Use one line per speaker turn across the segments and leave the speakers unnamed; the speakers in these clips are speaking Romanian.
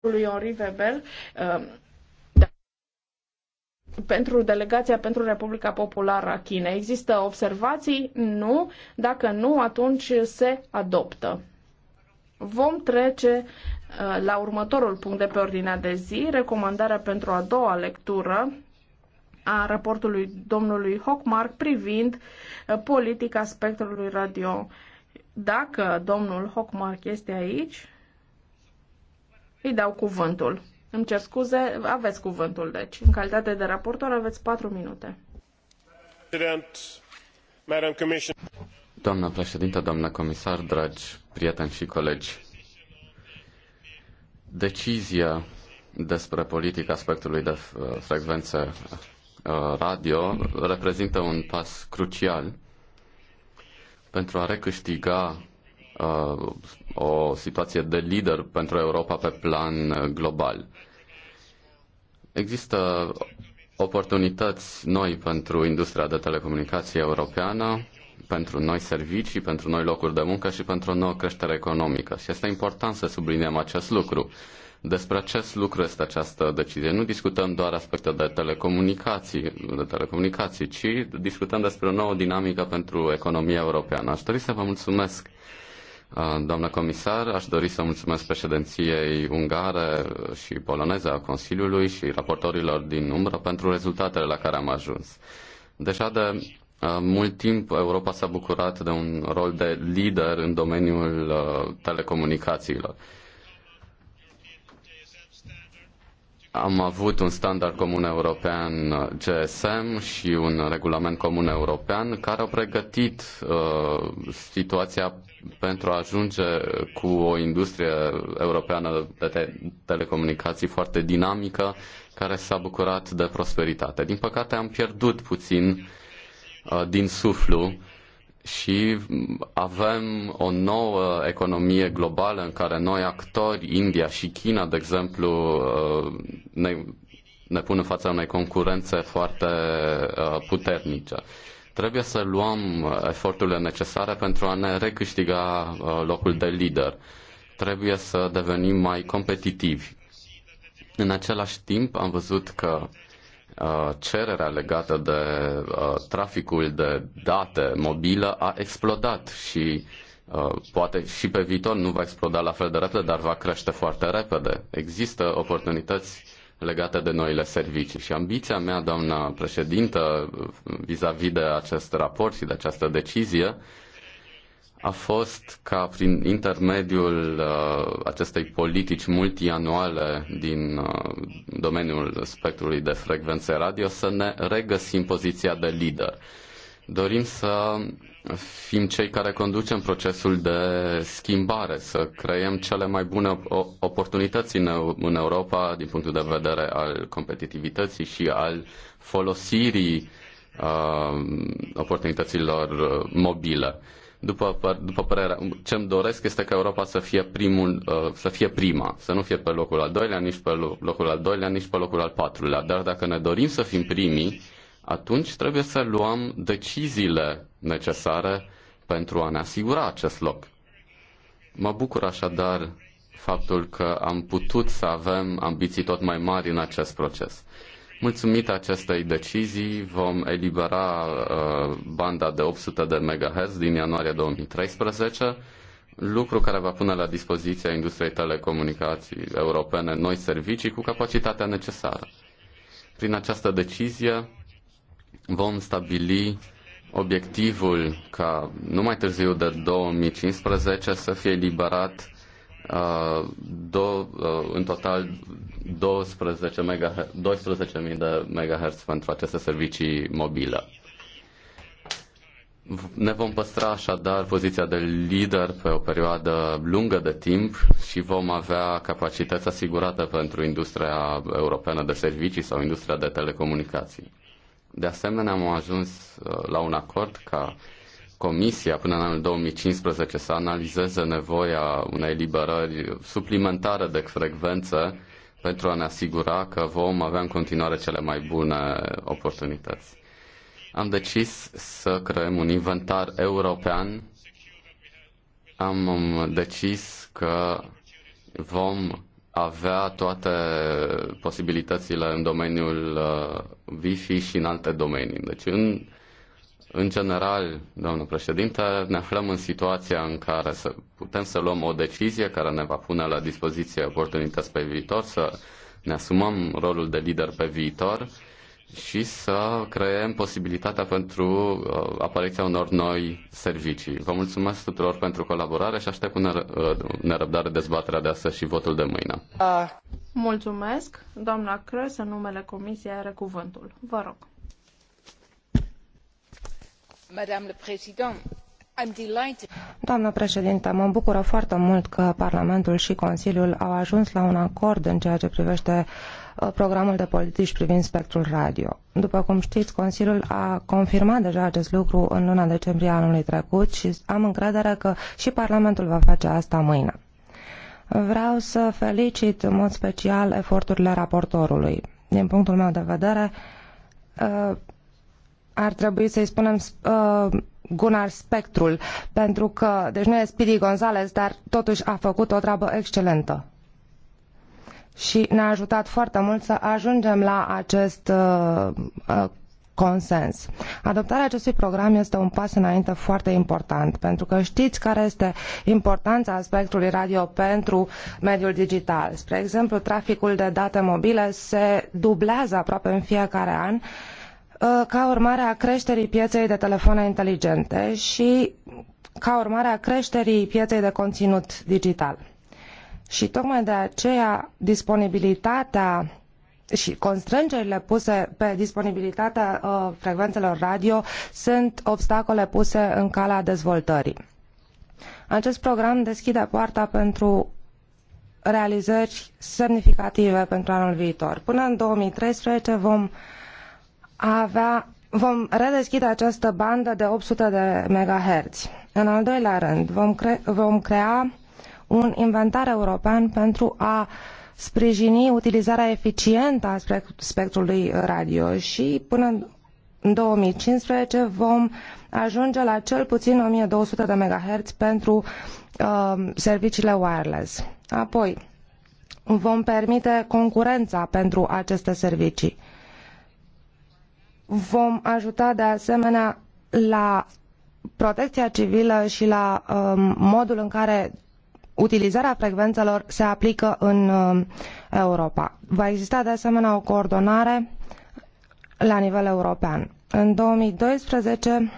lui Henri Webel um, pentru delegația pentru Republica Populară a Chinei. Există observații? Nu. Dacă nu, atunci se adoptă. Vom trece uh, la următorul punct de pe ordinea de zi, recomandarea pentru a doua lectură a raportului domnului Hockmark privind uh, politica spectrului radio. Dacă domnul Hockmark este aici, îi dau cuvântul. Îmi cer scuze, aveți cuvântul, deci. În calitate de raportor aveți patru minute.
Doamna președintă, doamna comisar, dragi prieteni și colegi, decizia despre politica aspectului de uh, frecvențe uh, radio reprezintă un pas crucial pentru a recâștiga uh, o situație de lider pentru Europa pe plan uh, global. Există oportunități noi pentru industria de telecomunicații europeană, pentru noi servicii, pentru noi locuri de muncă și pentru o nouă creștere economică. Și este important să subliniem acest lucru. Despre acest lucru este această decizie. Nu discutăm doar aspecte de telecomunicații, de telecomunicații ci discutăm despre o nouă dinamică pentru economia europeană. Aș dori să vă mulțumesc Doamna comisar, aș dori să mulțumesc președinției ungare și poloneze a Consiliului și raportorilor din umbră pentru rezultatele la care am ajuns. Deja de mult timp Europa s-a bucurat de un rol de lider în domeniul telecomunicațiilor. Am avut un standard comun european GSM și un regulament comun european care au pregătit uh, situația pentru a ajunge cu o industrie europeană de te- telecomunicații foarte dinamică, care s-a bucurat de prosperitate. Din păcate am pierdut puțin uh, din suflu și avem o nouă economie globală în care noi actori, India și China, de exemplu, uh, ne, ne pun în fața unei concurențe foarte uh, puternice. Uh, Trebuie să luăm uh, eforturile necesare pentru a ne recâștiga uh, locul de lider. Trebuie să devenim mai competitivi. În același timp am văzut că uh, cererea legată de traficul de date mobilă a explodat și poate și pe viitor nu va exploda la fel de repede, dar va crește foarte repede. Există oportunități legate de noile servicii. Și ambiția mea, doamna președintă, vis-a-vis -vis de acest raport și de această decizie, a fost ca prin intermediul uh, acestei politici multianuale din uh, domeniul spectrului de frecvențe radio să ne regăsim poziția de lider. Dorim să fim cei care conducem procesul de schimbare, să creăm cele mai bune oportunități în Europa din punctul de vedere al competitivității și al folosirii uh, oportunităților uh, mobile. După, după părerea, ce îmi doresc este ca Europa să fie, primul, uh, să fie prima, să nu fie pe locul al doilea, nici pe locul al doilea, nici pe locul al patrulea. Dar dacă ne dorim să fim primii, atunci trebuie să luăm deciziile necesare pentru a ne asigura acest loc. Mă bucur așadar faptul că am putut să avem ambiții tot mai mari în acest proces. Mulțumit acestei decizii, vom elibera uh, banda de 800 de MHz din ianuarie 2013, lucru care va pune la dispoziția industriei telecomunicații europene noi servicii cu capacitatea necesară. Prin această decizie vom stabili obiectivul ca nu mai târziu de 2015 să fie liberat uh, do, uh, în total 12 MHz, 12.000 de MHz pentru aceste servicii mobile. Ne vom păstra așadar poziția de lider pe o perioadă lungă de timp și vom avea capacități asigurate pentru industria europeană de servicii sau industria de telecomunicații. De asemenea, am ajuns uh, la un acord ca Comisia până în anul 2015 să analizeze nevoia unei liberări suplimentare de frecvență pentru a ne asigura că vom avea în continuare cele mai bune oportunități. Am decis să creăm un inventar european. Am um, decis că vom avea toate posibilitățile în domeniul uh, Wi-Fi și în alte domenii. Deci, în, în general, domnul președinte, ne aflăm în situația în care să putem să luăm o decizie care ne va pune la dispoziție oportunități pe viitor, să ne asumăm rolul de lider pe viitor și să creăm posibilitatea pentru uh, apariția unor noi servicii. Vă mulțumesc tuturor pentru colaborare și aștept cu uh, nerăbdare dezbaterea de astăzi și votul de mâine.
Mulțumesc. Doamna Crăs, în numele Comisiei, are cuvântul. Vă rog.
Madame le Président,
Doamnă
președintă, mă bucură foarte mult că Parlamentul și Consiliul au ajuns la un acord în ceea ce privește Uh, programul de politici privind spectrul radio. După cum știți, Consiliul a confirmat deja acest lucru în luna decembrie anului trecut și am încredere că și Parlamentul va face asta mâine. Vreau să felicit în mod special eforturile raportorului. Din punctul meu de vedere, uh, ar trebui să-i spunem uh, Gunnar Spectrul, pentru că, deci nu e Speedy Gonzales, dar totuși a făcut o treabă excelentă și ne-a ajutat foarte mult să ajungem la acest uh, uh, consens. Adoptarea acestui program este un pas înainte foarte important, pentru că știți care este importanța aspectului radio pentru mediul digital. Spre exemplu, traficul de date mobile se dublează aproape în fiecare an uh, ca urmare a creșterii pieței de telefoane inteligente și ca urmare a creșterii pieței de conținut digital. Și tocmai de aceea disponibilitatea și constrângerile puse pe disponibilitatea uh, frecvențelor radio sunt obstacole puse în calea dezvoltării. Acest program deschide poarta pentru realizări semnificative pentru anul viitor. Până în 2013 vom avea vom redeschide această bandă de 800 de MHz. În al doilea rând, vom, cre- vom crea un inventar european pentru a sprijini utilizarea eficientă a spectrului radio și până în 2015 vom ajunge la cel puțin 1200 de MHz pentru uh, serviciile wireless. Apoi, vom permite concurența pentru aceste servicii. Vom ajuta de asemenea la protecția civilă și la um, modul în care utilizarea frecvențelor se aplică în uh, Europa. Va exista de asemenea o coordonare la nivel european. În 2012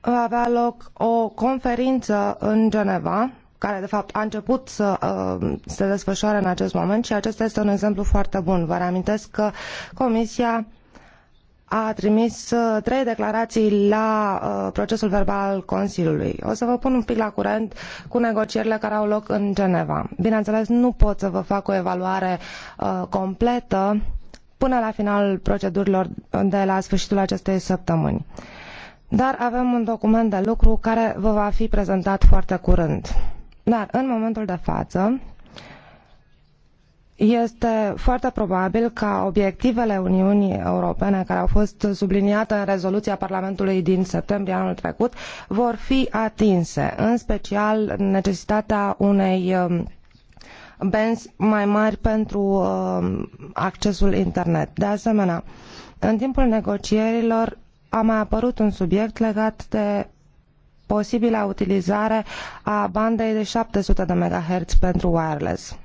va avea loc o conferință în Geneva, care de fapt a început să uh, se desfășoare în acest moment și acesta este un exemplu foarte bun. Vă reamintesc că Comisia a trimis uh, trei declarații la uh, procesul verbal al Consiliului. O să vă pun un pic la curent cu negocierile care au loc în Geneva. Bineînțeles, nu pot să vă fac o evaluare uh, completă până la finalul procedurilor de la sfârșitul acestei săptămâni. Dar avem un document de lucru care vă va fi prezentat foarte curând. Dar în momentul de față, este foarte probabil ca obiectivele Uniunii Europene, care au fost subliniate în rezoluția Parlamentului din septembrie anul trecut, vor fi atinse, în special necesitatea unei um, benzi mai mari pentru um, accesul internet. De asemenea, în timpul negocierilor a mai apărut un subiect legat de posibila utilizare a bandei de 700 de MHz pentru wireless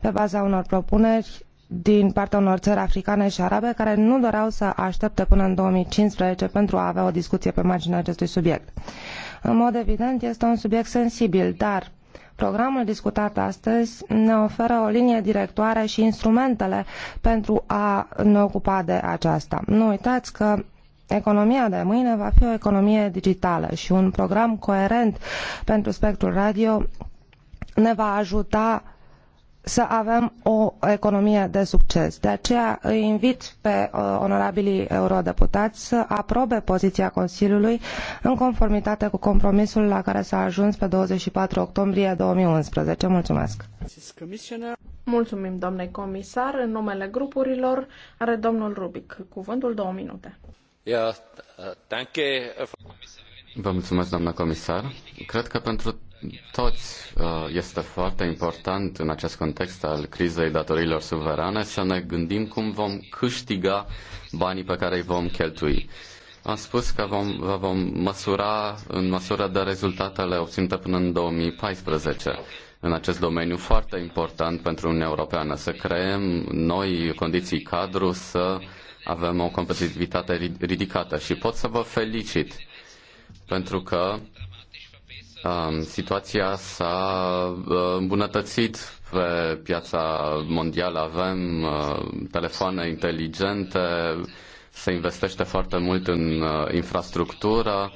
pe baza unor propuneri din partea unor țări africane și arabe care nu doreau să aștepte până în 2015 pentru a avea o discuție pe marginea acestui subiect. În mod evident, este un subiect sensibil, dar Programul discutat astăzi ne oferă o linie directoare și instrumentele pentru a ne ocupa de aceasta. Nu uitați că Economia de mâine va fi o economie digitală și un program coerent pentru spectrul radio ne va ajuta să avem o economie de succes. De aceea îi invit pe uh, onorabilii eurodeputați să aprobe poziția Consiliului în conformitate cu compromisul la care s-a ajuns pe 24 octombrie 2011. Mulțumesc!
Mulțumim, domnule comisar. În numele grupurilor are domnul Rubic. Cuvântul două minute.
Uh, Vă mulțumesc, doamna comisar. Cred că pentru toți uh, este foarte important în acest context al crizei datorilor suverane să ne gândim cum vom câștiga banii pe care îi vom cheltui. Am spus că vom, vă vom măsura în măsură de rezultatele obținute până în 2014 în acest domeniu foarte important pentru Uniunea Europeană, să creăm noi condiții cadru, să avem o competitivitate ridicată și pot să vă felicit pentru că Um, situația s-a uh, îmbunătățit pe piața mondială. Avem uh, telefoane inteligente, se investește foarte mult în uh, infrastructură,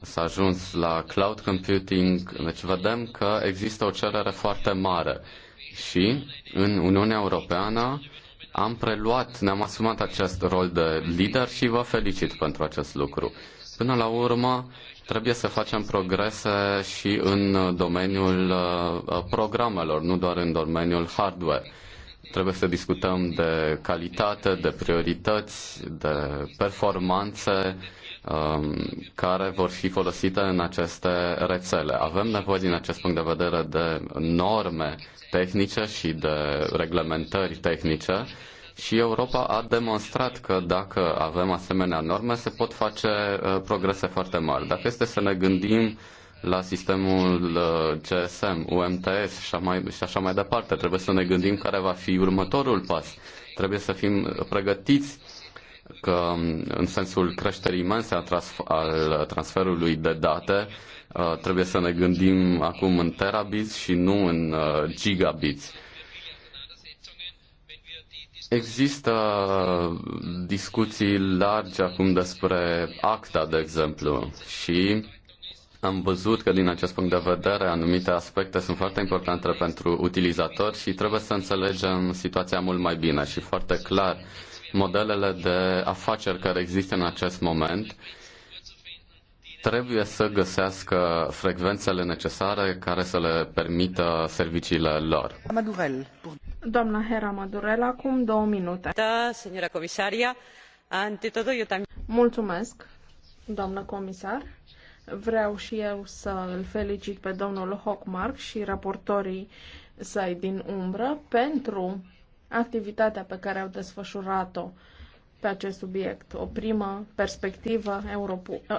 s-a ajuns la cloud computing, deci vedem că există o cerere foarte mare. Și în Uniunea Europeană am preluat, ne-am asumat acest rol de lider și vă felicit pentru acest lucru. Până la urmă, Trebuie să facem progrese și în domeniul uh, programelor, nu doar în domeniul hardware. Trebuie să discutăm de calitate, de priorități, de performanțe um, care vor fi folosite în aceste rețele. Avem nevoie din acest punct de vedere de norme tehnice și de reglementări tehnice și Europa a demonstrat că dacă avem asemenea norme se pot face uh, progrese foarte mari. Dacă este să ne gândim la sistemul GSM, uh, UMTS și așa, mai, și așa mai departe, trebuie să ne gândim care va fi următorul pas. Trebuie să fim pregătiți că um, în sensul creșterii imense al transferului de date uh, trebuie să ne gândim acum în terabits și nu în gigabits. Există discuții largi acum despre acta, de exemplu, și am văzut că din acest punct de vedere anumite aspecte sunt foarte importante pentru utilizatori și trebuie să înțelegem situația mult mai bine și foarte clar modelele de afaceri care există în acest moment trebuie să găsească frecvențele necesare care să le permită serviciile lor. Madurel.
Doamna Hera Madurel, acum două minute. Da, señora comisaria, ante todo eu también... Mulțumesc, doamnă comisar. Vreau și eu să îl felicit pe domnul Hockmark și raportorii săi din umbră pentru activitatea pe care au desfășurat-o pe acest subiect, o primă perspectivă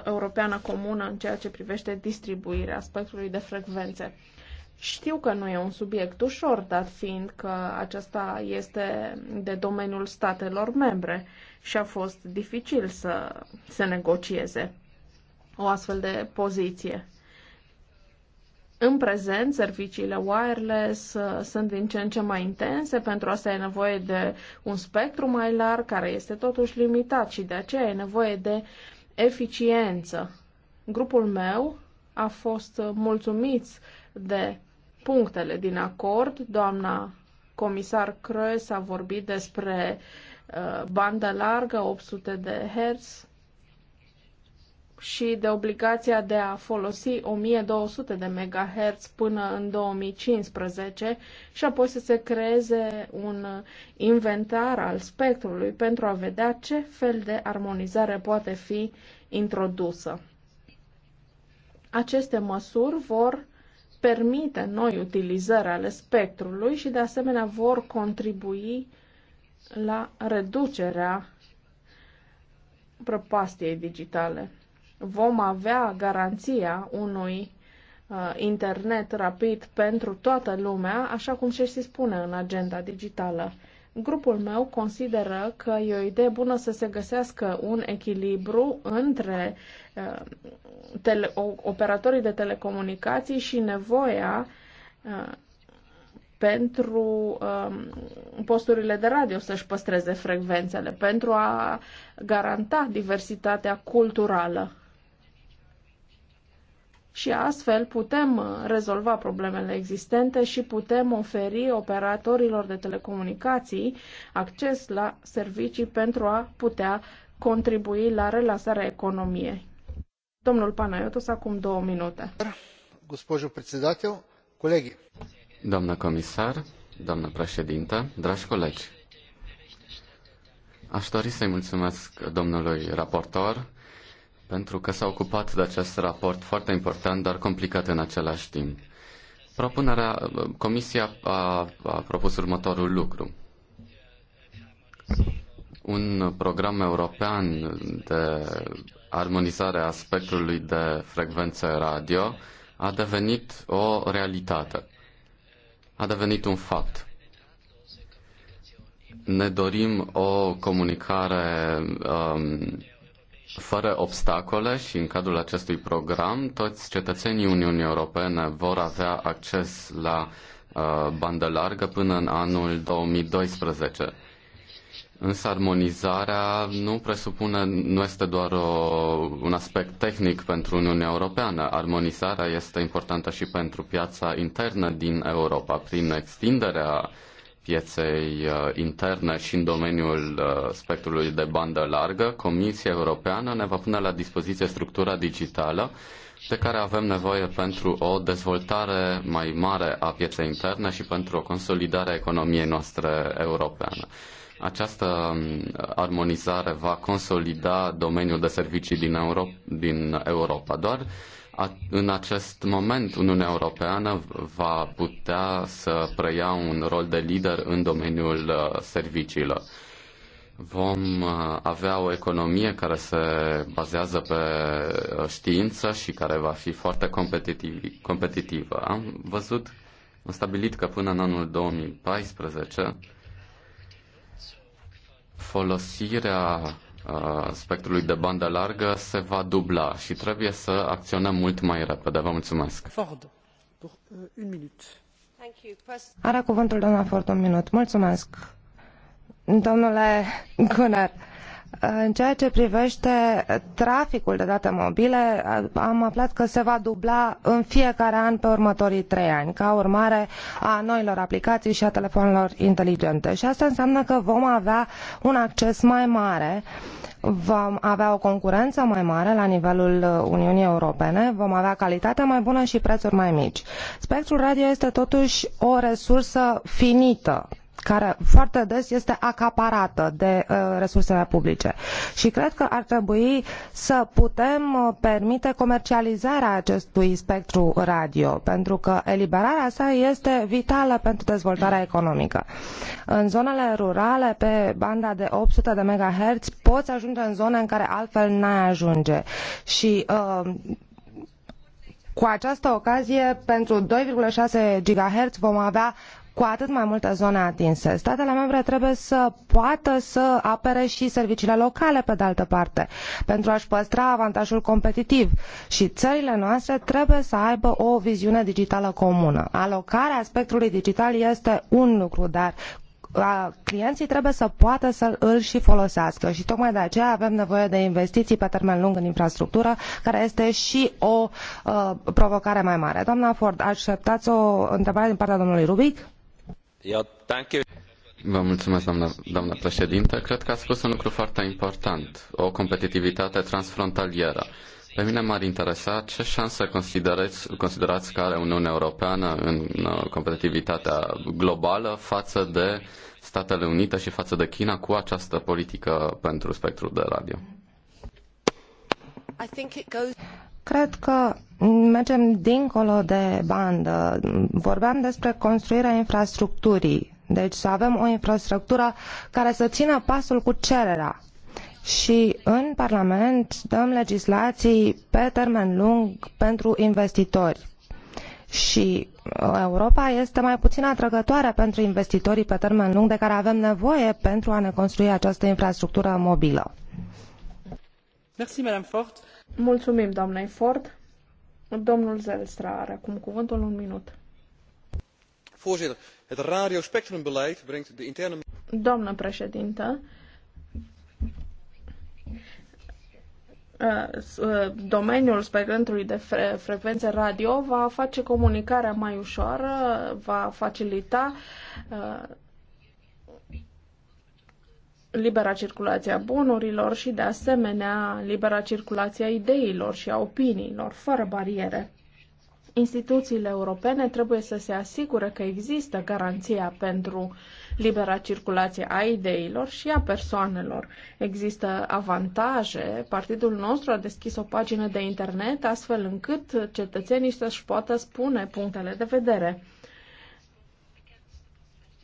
europeană comună în ceea ce privește distribuirea spectrului de frecvențe. Știu că nu e un subiect ușor, dat fiind că acesta este de domeniul statelor membre și a fost dificil să se negocieze o astfel de poziție. În prezent, serviciile wireless uh, sunt din ce în ce mai intense, pentru asta e nevoie de un spectru mai larg, care este totuși limitat și de aceea e nevoie de eficiență. Grupul meu a fost uh, mulțumit de punctele din acord. Doamna comisar Crăs a vorbit despre uh, bandă largă, 800 de Hz, și de obligația de a folosi 1200 de MHz până în 2015 și apoi să se creeze un inventar al spectrului pentru a vedea ce fel de armonizare poate fi introdusă. Aceste măsuri vor permite noi utilizări ale spectrului și de asemenea vor contribui la reducerea prăpastiei digitale vom avea garanția unui uh, internet rapid pentru toată lumea, așa cum și se spune în agenda digitală. Grupul meu consideră că e o idee bună să se găsească un echilibru între uh, tele- operatorii de telecomunicații și nevoia uh, pentru um, posturile de radio să-și păstreze frecvențele, pentru a garanta diversitatea culturală și astfel putem uh, rezolva problemele existente și putem oferi operatorilor de telecomunicații acces la servicii pentru a putea contribui la relansarea economiei. Domnul Panayotos, acum două minute.
Госпожо председател, colegi.
Doamnă comisar, doamnă președintă, dragi colegi. Aș dori să-i mulțumesc domnului raportor pentru că s-a ocupat de acest raport foarte important, dar complicat în același timp. Propunerea, comisia a, a propus următorul lucru. Un program european de armonizare a spectrului de frecvențe radio a devenit o realitate. A devenit un fapt. Ne dorim o comunicare um, fără obstacole și în cadrul acestui program toți cetățenii Uniunii Europene vor avea acces la uh, bandă largă până în anul 2012. Însă armonizarea nu presupune, nu este doar o, un aspect tehnic pentru Uniunea Europeană. Armonizarea este importantă și pentru piața internă din Europa. Prin extinderea uh, pieței uh, interne și în domeniul uh, spectrului de bandă largă, Comisia Europeană ne va pune la dispoziție structura digitală de care avem nevoie pentru o dezvoltare mai mare a pieței interne și pentru o consolidare a economiei noastre europeană. Această um, armonizare va consolida domeniul de servicii din, Euro- din Europa. Doar în acest moment Uniunea Europeană va putea să preia un rol de lider în domeniul uh, serviciilor. Vom uh, avea o economie care se bazează pe uh, știință și care va fi foarte competitiv, competitivă. Am văzut, am stabilit că până în anul 2014 folosirea spectrului de bandă largă se va dubla și trebuie să acționăm mult mai repede. Vă mulțumesc.
Ford, euh, un minut.
Are cuvântul doamna Ford un minut. Mulțumesc. Domnule Gunnar, în ceea ce privește traficul de date mobile, am aflat că se va dubla în fiecare an pe următorii trei ani, ca urmare a noilor aplicații și a telefonelor inteligente. Și asta înseamnă că vom avea un acces mai mare, vom avea o concurență mai mare la nivelul Uniunii Europene, vom avea calitate mai bună și prețuri mai mici. Spectrul radio este totuși o resursă finită care foarte des este acaparată de uh, resursele publice. Și cred că ar trebui să putem uh, permite comercializarea acestui spectru radio, pentru că eliberarea sa este vitală pentru dezvoltarea economică. În zonele rurale, pe banda de 800 de MHz, poți ajunge în zone în care altfel n-ai ajunge. Și uh, cu această ocazie, pentru 2,6 GHz vom avea cu atât mai multe zone atinse. Statele membre trebuie să poată să apere și serviciile locale, pe de altă parte, pentru a-și păstra avantajul competitiv. Și țările noastre trebuie să aibă o viziune digitală comună. Alocarea spectrului digital este un lucru, dar clienții trebuie să poată să îl și folosească și tocmai de aceea avem nevoie de investiții pe termen lung în infrastructură, care este și o uh, provocare mai mare. Doamna Ford, așteptați o întrebare din partea domnului Rubic?
Vă mulțumesc, doamnă, doamnă președinte. Cred că ați spus un lucru foarte important, o competitivitate transfrontalieră. Pe mine m-ar interesa ce șanse considerați, considerați că are Uniunea Europeană în uh, competitivitatea globală față de Statele Unite și față de China cu această politică pentru spectrul de radio.
Cred că mergem dincolo de bandă. Vorbeam despre construirea infrastructurii. Deci să avem o infrastructură care să țină pasul cu cererea. Și în Parlament dăm legislații pe termen lung pentru investitori. Și uh, Europa este mai puțin atrăgătoare pentru investitorii pe termen lung de care avem nevoie pentru a ne construi această infrastructură mobilă.
Merci, Mulțumim, doamna Ford. Domnul Zelstra are acum cuvântul un minut.
Voorzitter, het radiospectrumbeleid brengt de interne...
Doamna președintă, uh, uh, domeniul spectrului de fre- frecvențe radio va face comunicarea mai ușoară, va facilita uh, libera circulație a bunurilor și, de asemenea, libera circulație a ideilor și a opiniilor, fără bariere. Instituțiile europene trebuie să se asigure că există garanția pentru libera circulație a ideilor și a persoanelor. Există avantaje. Partidul nostru a deschis o pagină de internet astfel încât cetățenii să-și poată spune punctele de vedere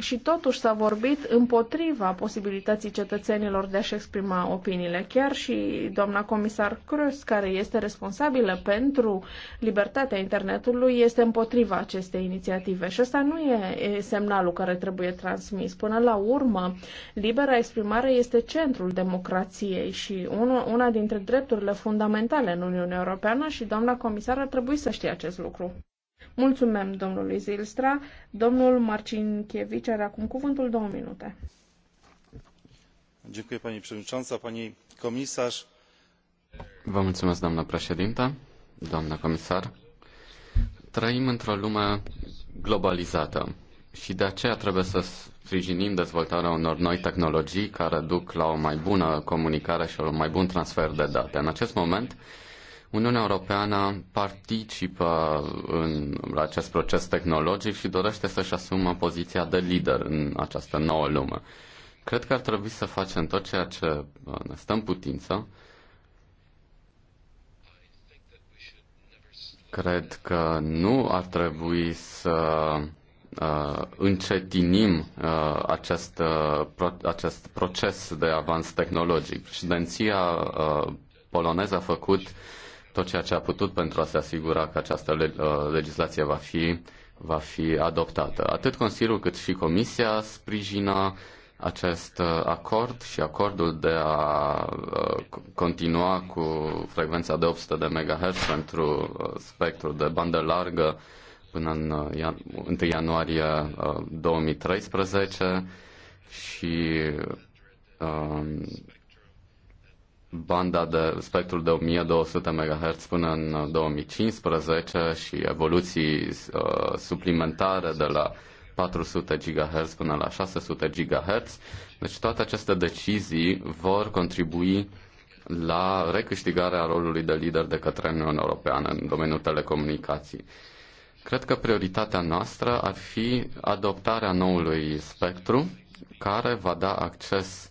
și totuși s-a vorbit împotriva posibilității cetățenilor de a-și exprima opiniile. Chiar și doamna comisar Cruz, care este responsabilă pentru libertatea internetului, este împotriva acestei inițiative. Și asta nu e semnalul care trebuie transmis. Până la urmă, libera exprimare este centrul democrației și una dintre drepturile fundamentale în Uniunea Europeană și doamna comisar ar trebui să știe acest lucru. Mulțumim domnului Zilstra. Domnul Marcinkiewicz are acum cuvântul două minute. Dziękuję pani przewodnicząca, pani komisarz.
Vă mulțumesc, doamnă președintă, doamnă comisar. Trăim într-o lume globalizată și de aceea trebuie să sprijinim dezvoltarea unor noi tehnologii care duc la o mai bună comunicare și la un mai bun transfer de date. În acest moment, Uniunea Europeană participă în acest proces tehnologic și dorește să-și asumă poziția de lider în această nouă lume. Cred că ar trebui să facem tot ceea ce uh, ne stă în putință. Cred că nu ar trebui să uh, încetinim uh, acest, uh, pro- acest proces de avans tehnologic. Președinția uh, poloneză a făcut uh, tot ceea ce a putut pentru a se asigura că această uh, legislație va fi, va fi adoptată. Atât Consiliul cât și Comisia sprijină acest uh, acord și acordul de a uh, continua cu frecvența de 800 de MHz pentru spectrul de bandă largă până în 1 ianuarie 2013 și banda de spectrul de 1200 MHz până în 2015 uh, și evoluții uh, suplimentare de la 400 GHz până la 600 GHz. Deci toate aceste decizii vor contribui la recâștigarea rolului de lider de către Uniunea Europeană în domeniul telecomunicații. Cred că prioritatea noastră ar fi adoptarea noului spectru care va da acces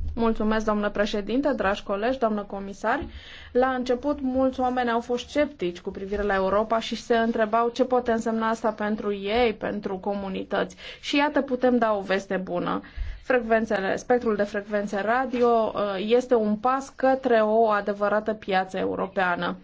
Mulțumesc, doamnă președinte, dragi colegi, doamnă comisar. La început, mulți oameni au fost sceptici cu privire la Europa și se întrebau ce poate însemna asta pentru ei, pentru comunități. Și iată, putem da o veste bună frecvențele, spectrul de frecvențe radio uh, este un pas către o adevărată piață europeană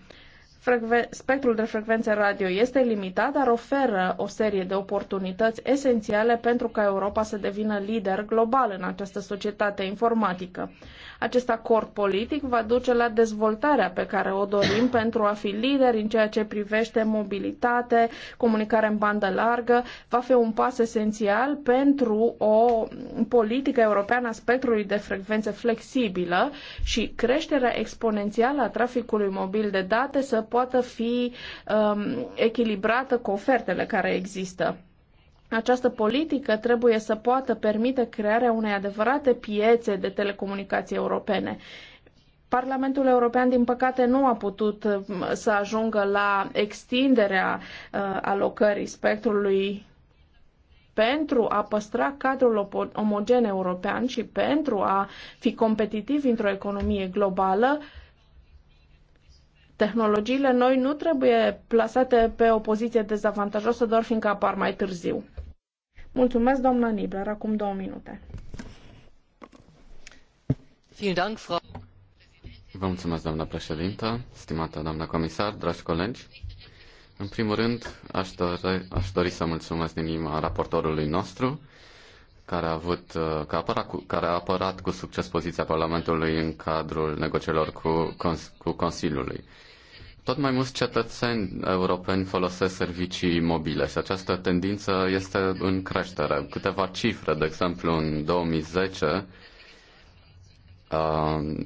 spectrul de frecvențe radio este limitat, dar oferă o serie de oportunități esențiale pentru ca Europa să devină lider global în această societate informatică. Acest acord politic va duce la dezvoltarea pe care o dorim pentru a fi lideri în ceea ce privește mobilitate, comunicare în bandă largă, va fi un pas esențial pentru o politică europeană a spectrului de frecvențe flexibilă și creșterea exponențială a traficului mobil de date să poată fi um, echilibrată cu ofertele care există. Această politică trebuie să poată permite crearea unei adevărate piețe de telecomunicații europene. Parlamentul European, din păcate, nu a putut um, să ajungă la extinderea uh, alocării spectrului pentru a păstra cadrul omogen european și pentru a fi competitiv într-o economie globală, uh, tehnologiile noi nu trebuie plasate pe o poziție dezavantajoasă doar fiindcă apar mai târziu. Mulțumesc, doamna Nibler. Acum două minute.
Vă mulțumesc, doamna președintă, stimată doamna comisar, dragi colegi. În primul rând, aș dori, aș dori să mulțumesc din inima raportorului nostru, care a, avut, care, a apărat cu, care a apărat cu succes poziția Parlamentului în cadrul negocierilor cu, cu Consiliului. Tot mai mulți cetățeni europeni folosesc servicii mobile și această tendință este în creștere. Câteva cifre, de exemplu, în 2010 uh,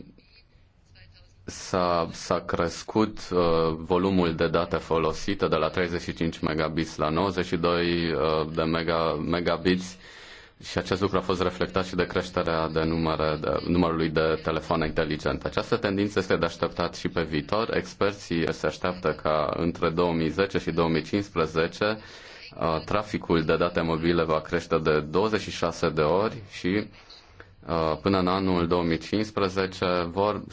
s-a, s-a crescut uh, volumul de date folosite de la 35 megabits la 92 uh, de mega, megabits și acest lucru a fost reflectat și de creșterea de numere, de, numărului de telefoane inteligente. Această tendință este de așteptat și pe viitor. Experții se așteaptă ca între 2010 și 2015 uh, traficul de date mobile va crește de 26 de ori și uh, până în anul 2015 vor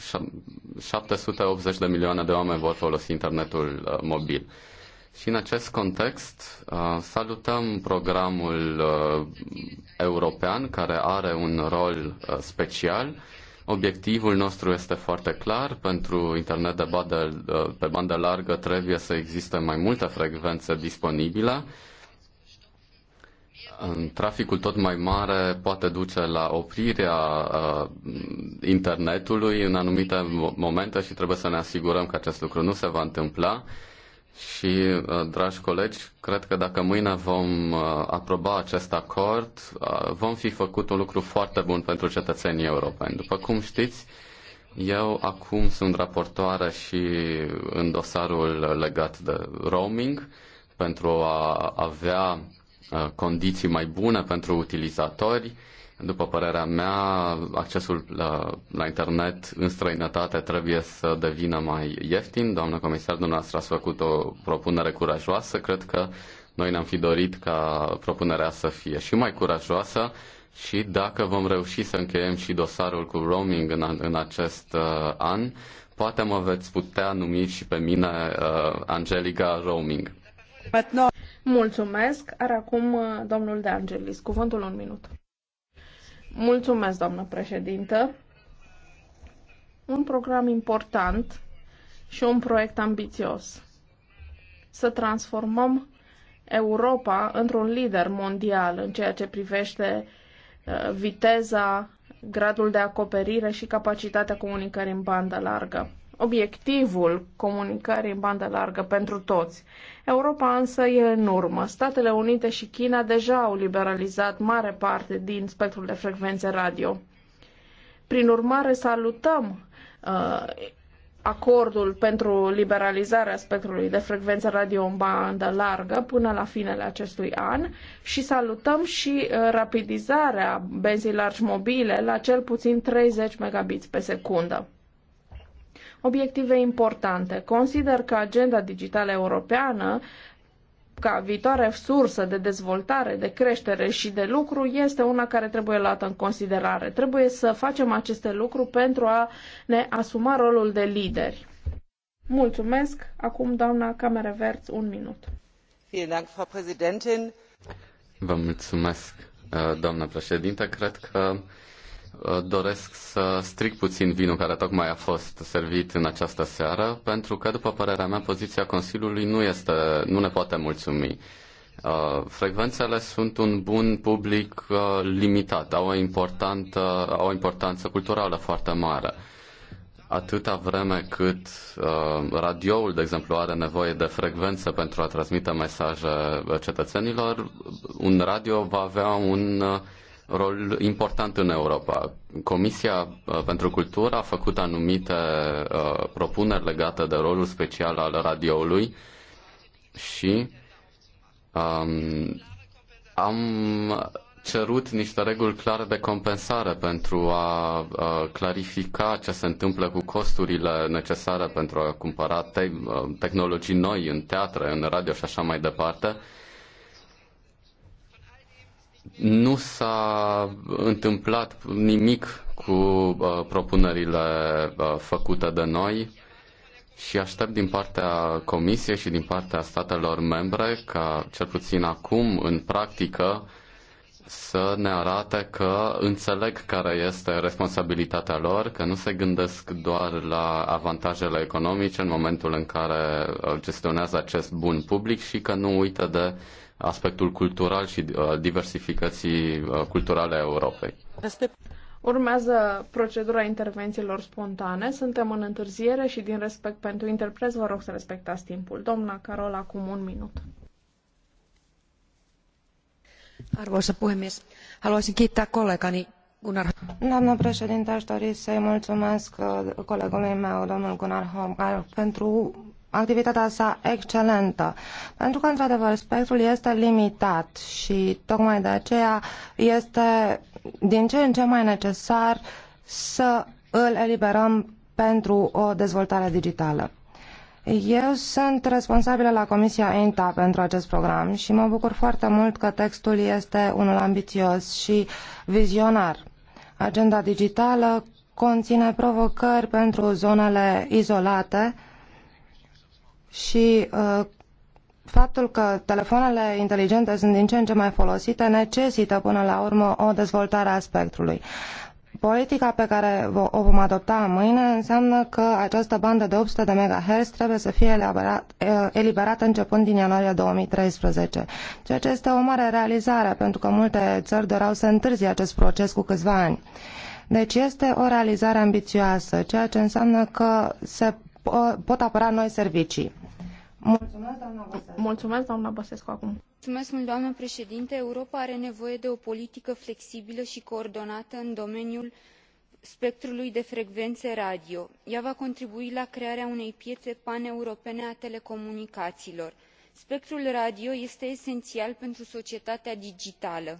780 de milioane de oameni vor folosi internetul uh, mobil. Și în acest context uh, salutăm programul uh, european care are un rol uh, special. Obiectivul nostru este foarte clar. Pentru internet de bandă, pe bandă largă trebuie să existe mai multe frecvențe disponibile. Traficul tot mai mare poate duce la oprirea uh, internetului în anumite momente și trebuie să ne asigurăm că acest lucru nu se va întâmpla. Uh, și, uh, dragi colegi, cred că dacă mâine vom uh, aproba acest acord, uh, vom fi făcut un lucru foarte bun pentru cetățenii europeni. După cum știți, eu acum sunt raportoare și în dosarul legat de roaming pentru a avea condiții mai bune pentru utilizatori după părerea mea, accesul la, la internet în străinătate trebuie să devină mai ieftin. Doamna comisar, dumneavoastră ați făcut o propunere curajoasă. Cred că noi ne-am fi dorit ca propunerea să fie și mai curajoasă și dacă vom reuși să încheiem și dosarul cu roaming în, în acest uh, an, poate mă veți putea numi și pe mine uh, Angelica Roaming.
Mulțumesc. Are acum uh, domnul De Angelis. Cuvântul un minut. Mulțumesc, doamnă președintă. Un program important și un proiect ambițios. Să transformăm Europa într-un lider mondial în ceea ce privește uh, viteza, gradul de acoperire și capacitatea comunicării în bandă largă obiectivul comunicării în bandă largă pentru toți. Europa însă e în urmă. Statele Unite și China deja au liberalizat mare parte din spectrul de frecvențe radio. Prin urmare, salutăm uh, acordul pentru liberalizarea spectrului de frecvențe radio în bandă largă până la finele acestui an și salutăm și uh, rapidizarea benzii largi mobile la cel puțin 30 megabits pe secundă obiective importante. Consider că agenda digitală europeană ca viitoare sursă de dezvoltare, de creștere și de lucru este una care trebuie luată în considerare. Trebuie să facem aceste lucruri pentru a ne asuma rolul de lideri. Mulțumesc. Acum, doamna Camere Verț, un minut.
Vă mulțumesc, uh, doamna președinte. Cred că Uh, doresc să stric puțin vinul care tocmai a fost servit în această seară, pentru că, după părerea mea, poziția Consiliului nu, este, nu ne poate mulțumi. Uh, frecvențele sunt un bun public uh, limitat, au o, importantă, au o importanță culturală foarte mare. Atâta vreme cât uh, radioul, de exemplu, are nevoie de frecvență pentru a transmite mesaje cetățenilor, un radio va avea un uh, rol important în Europa. Comisia uh, pentru Cultură a făcut anumite uh, propuneri legate de rolul special al radioului și um, am cerut niște reguli clare de compensare pentru a, uh, clarifica ce se întâmplă cu costurile necesare pentru a cumpăra te- tehnologii noi în teatre, în radio și așa mai departe nu s-a întâmplat nimic cu uh, propunerile uh, făcute de noi și aștept din partea Comisiei și din partea statelor membre ca cel puțin acum în practică să ne arate că înțeleg care este responsabilitatea lor, că nu se gândesc doar la avantajele economice în momentul în care uh, gestionează acest bun public și că nu uită de aspectul cultural și uh, diversificății uh, culturale a Europei.
Urmează procedura intervențiilor spontane. Suntem în întârziere și din respect pentru interpreți vă rog să respectați timpul. Doamna Carol, acum un minut.
Arvoisa puhemies, haluaisin kiittää kollegani Gunnar. Doamnă președinte, aș dori să-i mulțumesc uh, colegului meu, domnul Gunnar Holmgar, pentru activitatea sa excelentă, pentru că, într-adevăr, spectrul este limitat și tocmai de aceea este din ce în ce mai necesar să îl eliberăm pentru o dezvoltare digitală. Eu sunt responsabilă la Comisia INTA pentru acest program și mă bucur foarte mult că textul este unul ambițios și vizionar. Agenda digitală conține provocări pentru zonele izolate, și uh, faptul că telefoanele inteligente sunt din ce în ce mai folosite necesită până la urmă o dezvoltare a spectrului. Politica pe care o vom adopta mâine înseamnă că această bandă de 800 de MHz trebuie să fie uh, eliberată începând din ianuarie 2013, ceea ce este o mare realizare pentru că multe țări doreau să întârzie acest proces cu câțiva ani. Deci este o realizare ambițioasă, ceea ce înseamnă că se pot apăra noi servicii.
Mulțumesc, doamna Băsescu. acum.
Mulțumesc mult, doamnă președinte. Europa are nevoie de o politică flexibilă și coordonată în domeniul spectrului de frecvene radio. ea va contribui la crearea unei piee paneuropene a telecomunicaiilor. spectrul radio este esenial pentru societatea digitală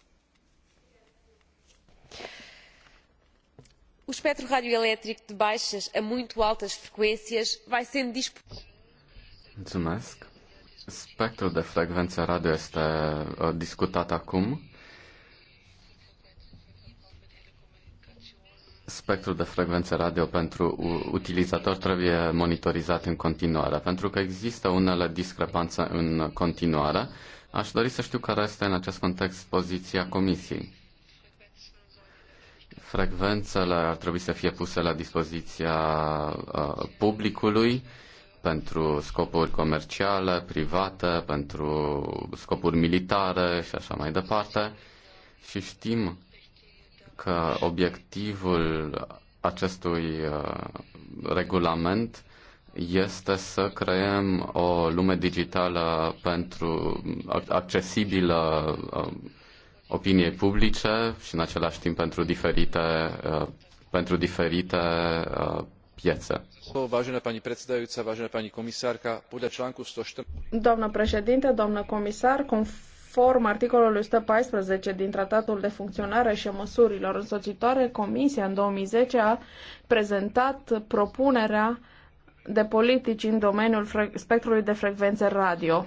o
espectro radioelétrico de baixas a muito altas frequências vai sendo
Mulțumesc. Spectrul de frecvență radio este uh, discutat acum. Spectrul de frecvență radio pentru utilizator trebuie monitorizat în continuare, pentru că există unele discrepanțe în continuare. Aș dori să știu care este în acest context poziția Comisiei. Frecvențele ar trebui să fie puse la dispoziția uh, publicului pentru scopuri comerciale, private, pentru scopuri militare și așa mai departe. Și știm că obiectivul acestui uh, regulament este să creăm o lume digitală pentru accesibilă uh, opinie publice și în același timp pentru diferite, uh, pentru diferite uh, piețe.
Doamnă președinte, doamnă comisar, conform articolului 114 din Tratatul de Funcționare și Măsurilor Însoțitoare, Comisia în 2010 a prezentat propunerea de politici în domeniul spectrului de frecvențe radio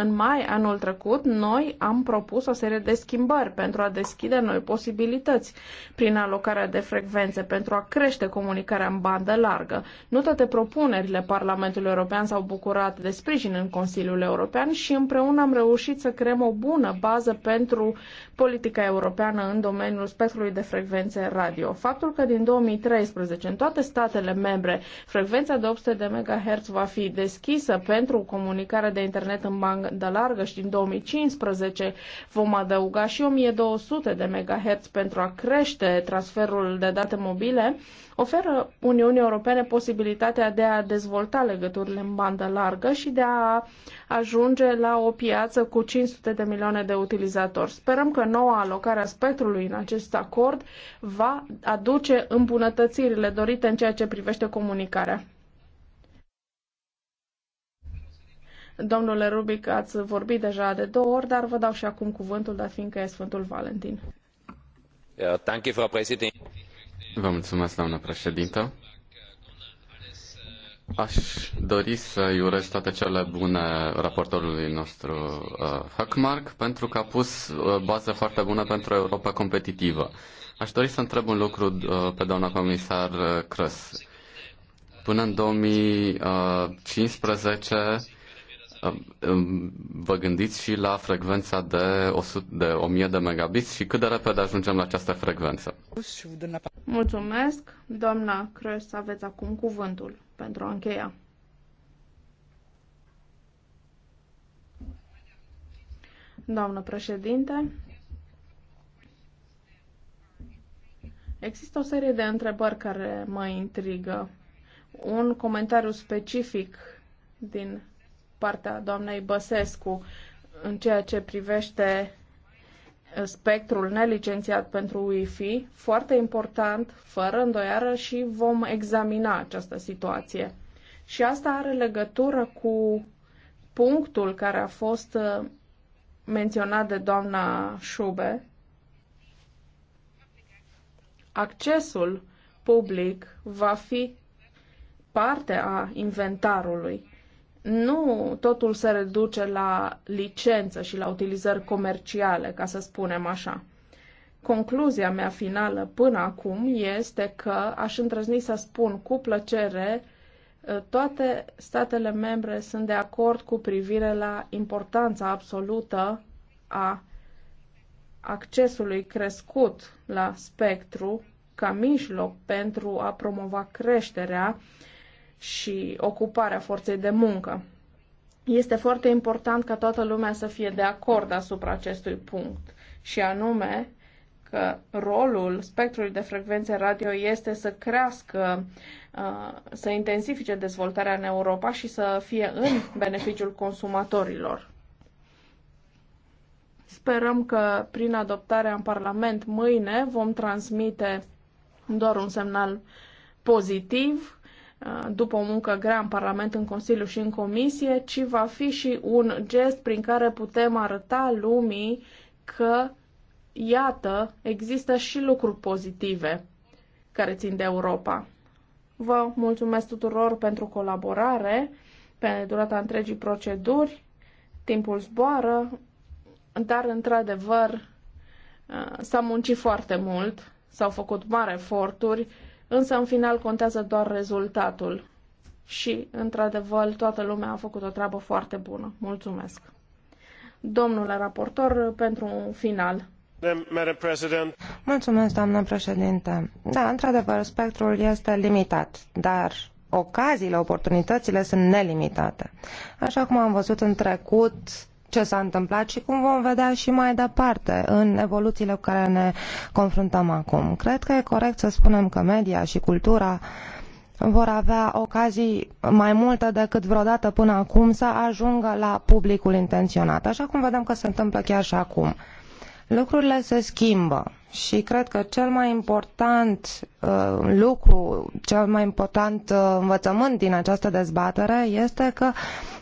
în mai anul trecut, noi am propus o serie de schimbări pentru a deschide noi posibilități prin alocarea de frecvențe, pentru a crește comunicarea în bandă largă. Nu toate propunerile Parlamentului European s-au bucurat de sprijin în Consiliul European și împreună am reușit să creăm o bună bază pentru politica europeană în domeniul spectrului de frecvențe radio. Faptul că din 2013 în toate statele membre frecvența de 800 de MHz va fi deschisă pentru comunicare de internet în bandă bandă largă și din 2015 vom adăuga și 1200 de MHz pentru a crește transferul de date mobile, oferă Uniunii Europene posibilitatea de a dezvolta legăturile în bandă largă și de a ajunge la o piață cu 500 de milioane de utilizatori. Sperăm că noua alocare a spectrului în acest acord va aduce îmbunătățirile dorite în ceea ce privește comunicarea. Domnule Rubic, ați vorbit deja de două ori, dar vă dau și acum cuvântul, dat fiindcă e Sfântul Valentin.
Vă mulțumesc, doamnă președintă. Aș dori să-i urez toate cele bune raportorului nostru uh, Huckmark pentru că a pus uh, bază foarte bună pentru Europa competitivă. Aș dori să întreb un lucru uh, pe doamna comisar uh, Crăs. Până în 2015 vă gândiți și la frecvența de, 100, de 1000 de megabits și cât de repede ajungem la această frecvență.
Mulțumesc. Doamna Crăs, aveți acum cuvântul pentru a încheia. Doamnă președinte, există o serie de întrebări care mă intrigă. Un comentariu specific din partea doamnei Băsescu în ceea ce privește uh, spectrul nelicențiat pentru Wi-Fi, foarte important, fără îndoială, și vom examina această situație. Și asta are legătură cu punctul care a fost uh, menționat de doamna Șube, accesul public va fi parte a inventarului nu totul se reduce la licență și la utilizări comerciale, ca să spunem așa. Concluzia mea finală până acum este că aș îndrăzni să spun cu plăcere ă, toate statele membre sunt de acord cu privire la importanța absolută a accesului crescut la spectru ca mijloc pentru a promova creșterea și ocuparea forței de muncă. Este foarte important ca toată lumea să fie de acord asupra acestui punct și anume că rolul spectrului de frecvențe radio este să crească, uh, să intensifice dezvoltarea în Europa și să fie în beneficiul consumatorilor. Sperăm că prin adoptarea în Parlament mâine vom transmite doar un semnal pozitiv Uh, după o muncă grea în Parlament, în Consiliu și în Comisie, ci va fi și un gest prin care putem arăta lumii că, iată, există și lucruri pozitive care țin de Europa. Vă mulțumesc tuturor pentru colaborare, pe durata întregii proceduri, timpul zboară, dar, într-adevăr, uh, s-a muncit foarte mult, s-au făcut mari eforturi, Însă, în final, contează doar rezultatul. Și, într-adevăr, toată lumea a făcut o treabă foarte bună. Mulțumesc. Domnule raportor, pentru un final.
Mulțumesc, doamnă președinte. Da, într-adevăr, spectrul este limitat, dar ocaziile, oportunitățile sunt nelimitate. Așa cum am văzut în trecut, ce s-a întâmplat și cum vom vedea și mai departe în evoluțiile cu care ne confruntăm acum. Cred că e corect să spunem că media și cultura vor avea ocazii mai multe decât vreodată până acum să ajungă la publicul intenționat, așa cum vedem că se întâmplă chiar și acum. Lucrurile se schimbă și cred că cel mai important uh, lucru, cel mai important uh, învățământ din această dezbatere este că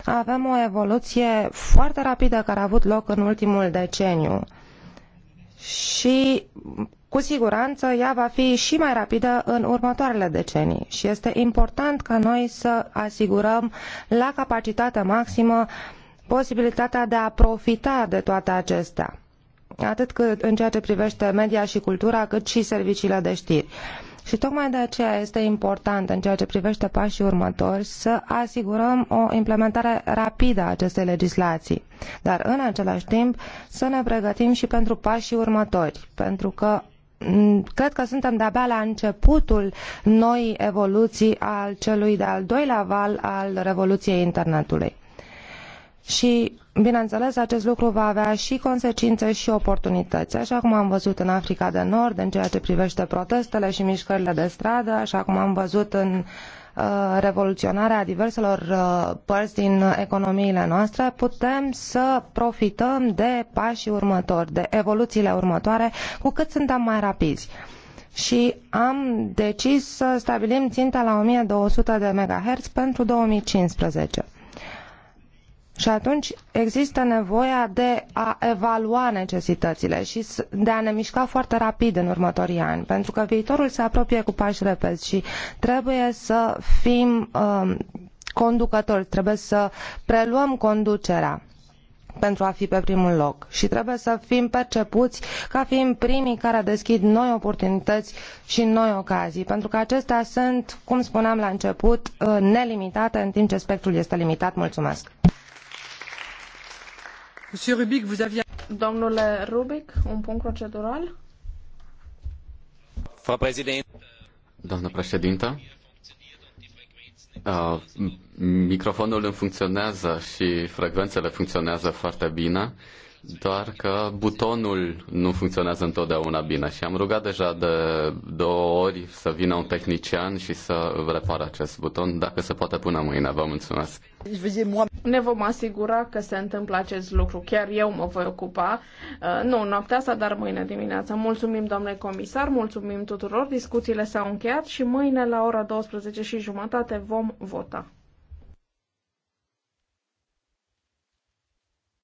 avem o evoluție foarte rapidă care a avut loc în ultimul deceniu. Și cu siguranță ea va fi și mai rapidă în următoarele decenii și este important ca noi să asigurăm la capacitate maximă posibilitatea de a profita de toate acestea atât cât în ceea ce privește media și cultura, cât și serviciile de știri. Și tocmai de aceea este important în ceea ce privește pașii următori să asigurăm o implementare rapidă a acestei legislații, dar în același timp să ne pregătim și pentru pașii următori, pentru că cred că suntem de-abia la începutul noii evoluții al celui de-al doilea val al revoluției internetului. Și, bineînțeles, acest lucru va avea și consecințe și oportunități, aa cum am văzut în Africa de Nord în ceea ce privete protestele și mișcările de stradă, aa cum am văzut în uh, revoluționarea diverselor uh, părți din economiile noastre, putem să profităm de pașii următori, de evoluțiile următoare, cu cât suntem mai rapizi. Și am decis să stabilim ținta la 1200 de MHz pentru 2015. Și atunci există nevoia de a evalua necesitățile și de a ne mișca foarte rapid în următorii ani, pentru că viitorul se apropie cu pași repezi și trebuie să fim um, conducători, trebuie să preluăm conducerea pentru a fi pe primul loc și trebuie să fim percepuți ca fiind primii care deschid noi oportunități și noi ocazii, pentru că acestea sunt, cum spuneam la început, uh, nelimitate în timp ce spectrul este limitat. Mulțumesc!
Monsieur Rubic, vous aviez... Domnule Rubic, un punct procedural?
Frau Präsident. Uh, microfonul îmi funcționează și frecvențele funcționează foarte bine doar că butonul nu funcționează întotdeauna bine și am rugat deja de două ori să vină un tehnician și să repară acest buton, dacă se poate până mâine. Vă mulțumesc!
Ne vom asigura că se întâmplă acest lucru. Chiar eu mă voi ocupa, uh, nu noaptea asta, dar mâine dimineața. Mulțumim, domnule comisar, mulțumim tuturor. Discuțiile s-au încheiat și mâine la ora 12 și jumătate vom vota.